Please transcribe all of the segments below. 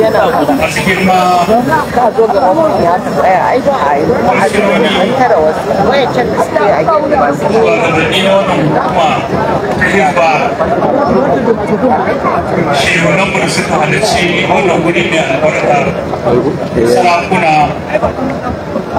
yana fara ka zo ga wani tsaya ai ba a yi muhajji an tara da da suka halarci wannan wuri mai albarka sarakuna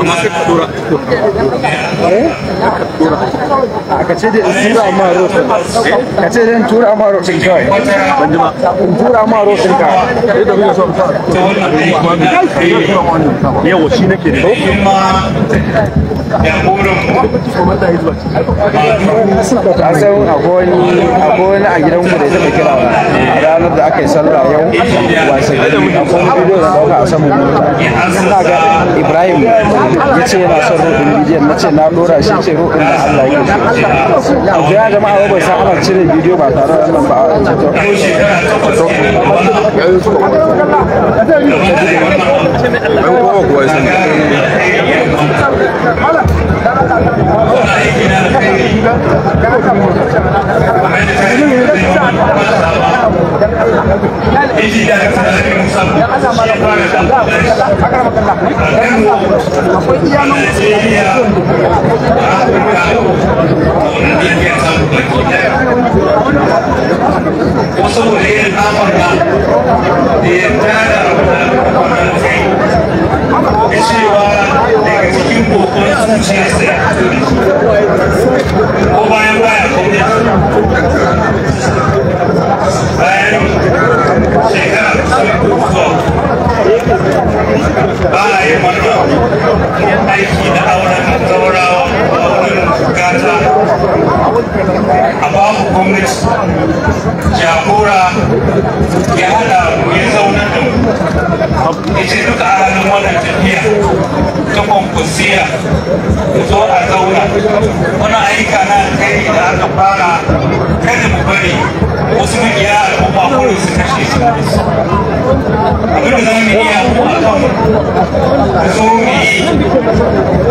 amma ka tura eh? ka ce da tura amma rotin ka ce da tura amma rotin kawai ban tura amma rotin ka sai da kuke so ta yawa shi nake da ya burin kuma da hizba a sai akwai wani a gidan ku da ya taba kira aka sallah yau akwai bidiyo da dauka a saman mota ina ga ibrahim ya ce yana son roƙin bidiyon na ce na dora shi ce allah ya ya jama'a bai ana cire bidiyo ba tare da nan ba a yace da ka sa shi musa akwai iya nan ko da da cikin lại mà nó ai chỉ đã alkhairi da aka fara mu bari wasu makiya al'umma kullum su kashe su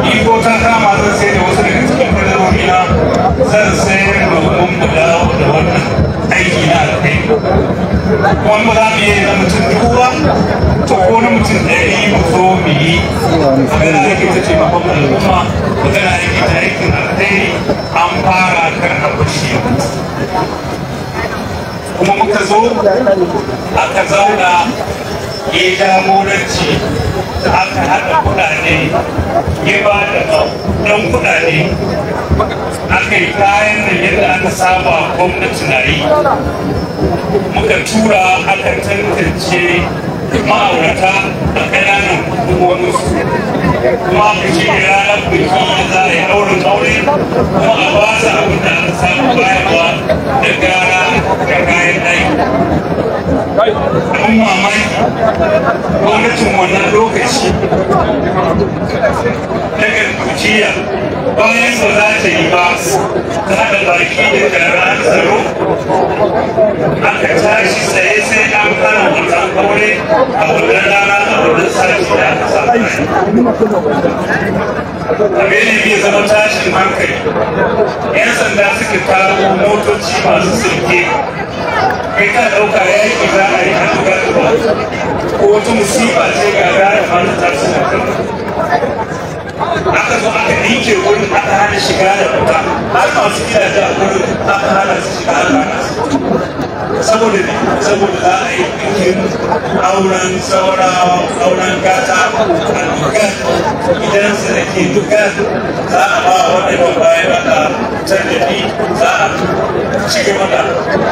yi wasu daga zan sayar da mu da wannan aiki kuma ba za mu yi na mutum dubu ba to ko na mutum ɗari mu zo mu yi magana ake ta ce mafan al'umma magana ake ta aikin alkhairi an fara kar a bashi kuma muka zo aka zauna ya a da aka haɗa kuɗaɗe ya ba da ɗan kuɗaɗe aka yi kayan da yadda aka saba gwamnati na yi muka tura aka tantance ma'aurata da ƙananan hukumominsu kuma ka ce ranar biki da za a yi auren aure kuma a ba su abin da aka samu bayarwa da gara da kayan ɗaki abin mamaki gwamnatin wannan lokaci ta garkuciya bayan ba za ta yi ba ta haɗa baki da gara tsaro aka tashi tsaye sai an aure a wannan rana a wannan sati da aka samu abin da ke zama tashin hankali yan sanda suke taro motoci masu sirke kai ka ɗauka ya yi za a yi hannu ga ko wata musiba ce ga gara ma ta kama? aka zo aka ɗinke wurin aka hana shiga da fita har masu gidaje a wurin aka hana su shiga da saboda ne saboda za a yi bikin auren saurawa auren gata a dukat idan su da ke dukat za a ba waɗanda bayan da tallafi za a ci gaba da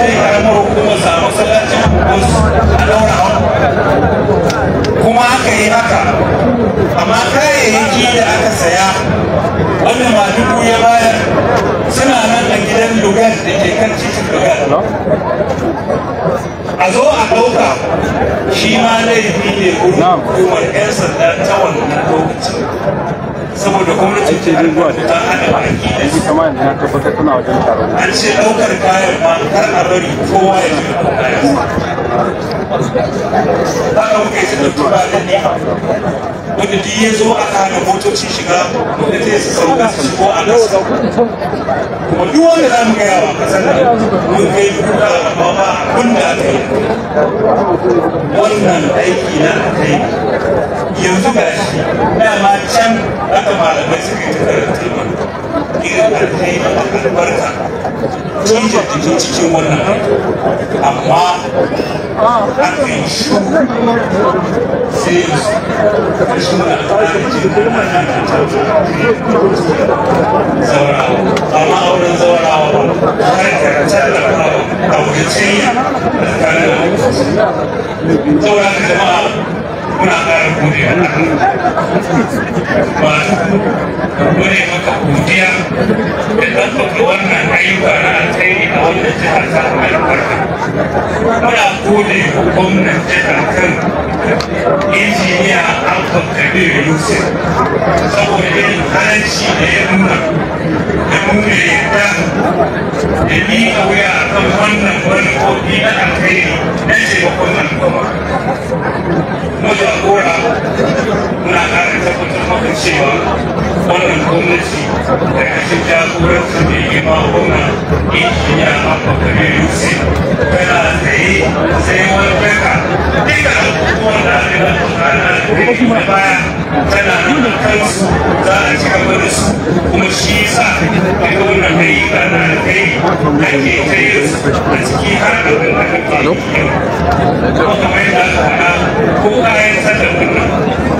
sakatare karamar hukumar sa masallacin hukumar kuma aka yi haka amma kayayyaki da aka saya wanda madugu ya bayar suna nan a gidan lugar da ke kan titin lugar a zo a ɗauka shi ma laifi ne hukumar 'yan sanda ta wannan lokacin ai ce dai zuwa ne tabbatar tana wajen taron an ce daukar kayan ma kar a bari kowa ya ji kayan ba ɗauke shi da ne wanda duk ya zo aka hana motoci shiga wanda ta yi sauka su shigo a nan kuma duk wanda za mu gaya wa kasar da mun kai kuka amma ba abin da aka yi wannan aiki na aka yi yanzu ga shi dama can aka malamai suka yi ta karanta irin alkhairi da albarka tijar jikin cikin wannan amma akan shu sai yanzu ƙarshen wani alƙalarin jirgin na nan da zaurawa amma auren zaurawa harkar tallafawa a wajen canya da kanin da jama'a muna ƙara gode wa ba gode maka godiya da ɗaukaka wannan ayyuka na alkhairi a wannan jihar ta albarka muna gode wa gwamnan kan injiniya abba kabir yusuf saboda irin halarci da ya nuna da nuna yadda da miƙa wuya kan wannan wani kofi na alkhairi na taimakon al'umma cewa wannan gwamnati da kashin jagoranci da girma gwamna injiniya abba kabir yusuf tana tsaye sai wani baka duka abubuwan da aka yi na rikki na baya tana nuna kansu za a ci da su kuma shi ba na a kuma ko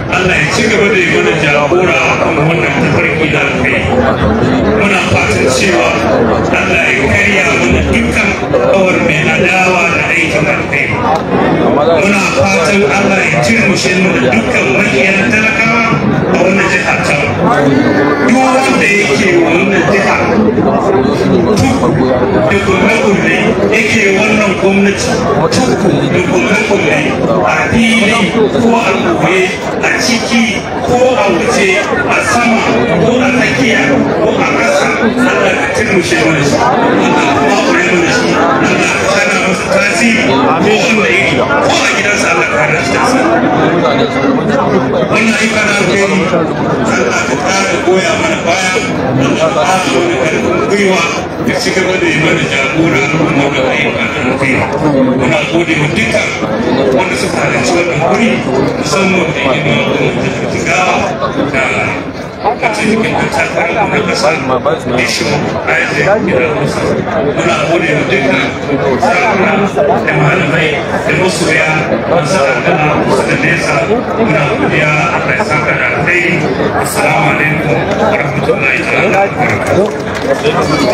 Allah ya ci gaba da yi mana jagora a kan wannan tafarki da kai muna fatan cewa Allah ya karya mana dukkan kawar mai adawa da aikin alkai muna fatan Allah ya turmushe mana dukkan makiyan talakawa a wannan jihar ta duk wanda yake wannan jiha da kulle-kulle yake wannan gwamnati da kulle-kulle a fili ko a a ciki ko a wuce a sama ko a tsakiya ko a ƙasa Allah ka tilmushe mana shi Allah ka ba mana shi Allah ka konsentrasi Amin Apa kita salah harap setiap Mengenai pada hari ini Salah kita Kuih amat bayang Kuih Kasih kepada iman dan jalan pura Mengenai pada hari Mengaku dimerdekat Mengenai sekarang Semua ini Semua ini Mengenai pada hari ini cikin kyautar mai kasar da shi a kai saka assalamu alaikum warahmatullahi ta'ala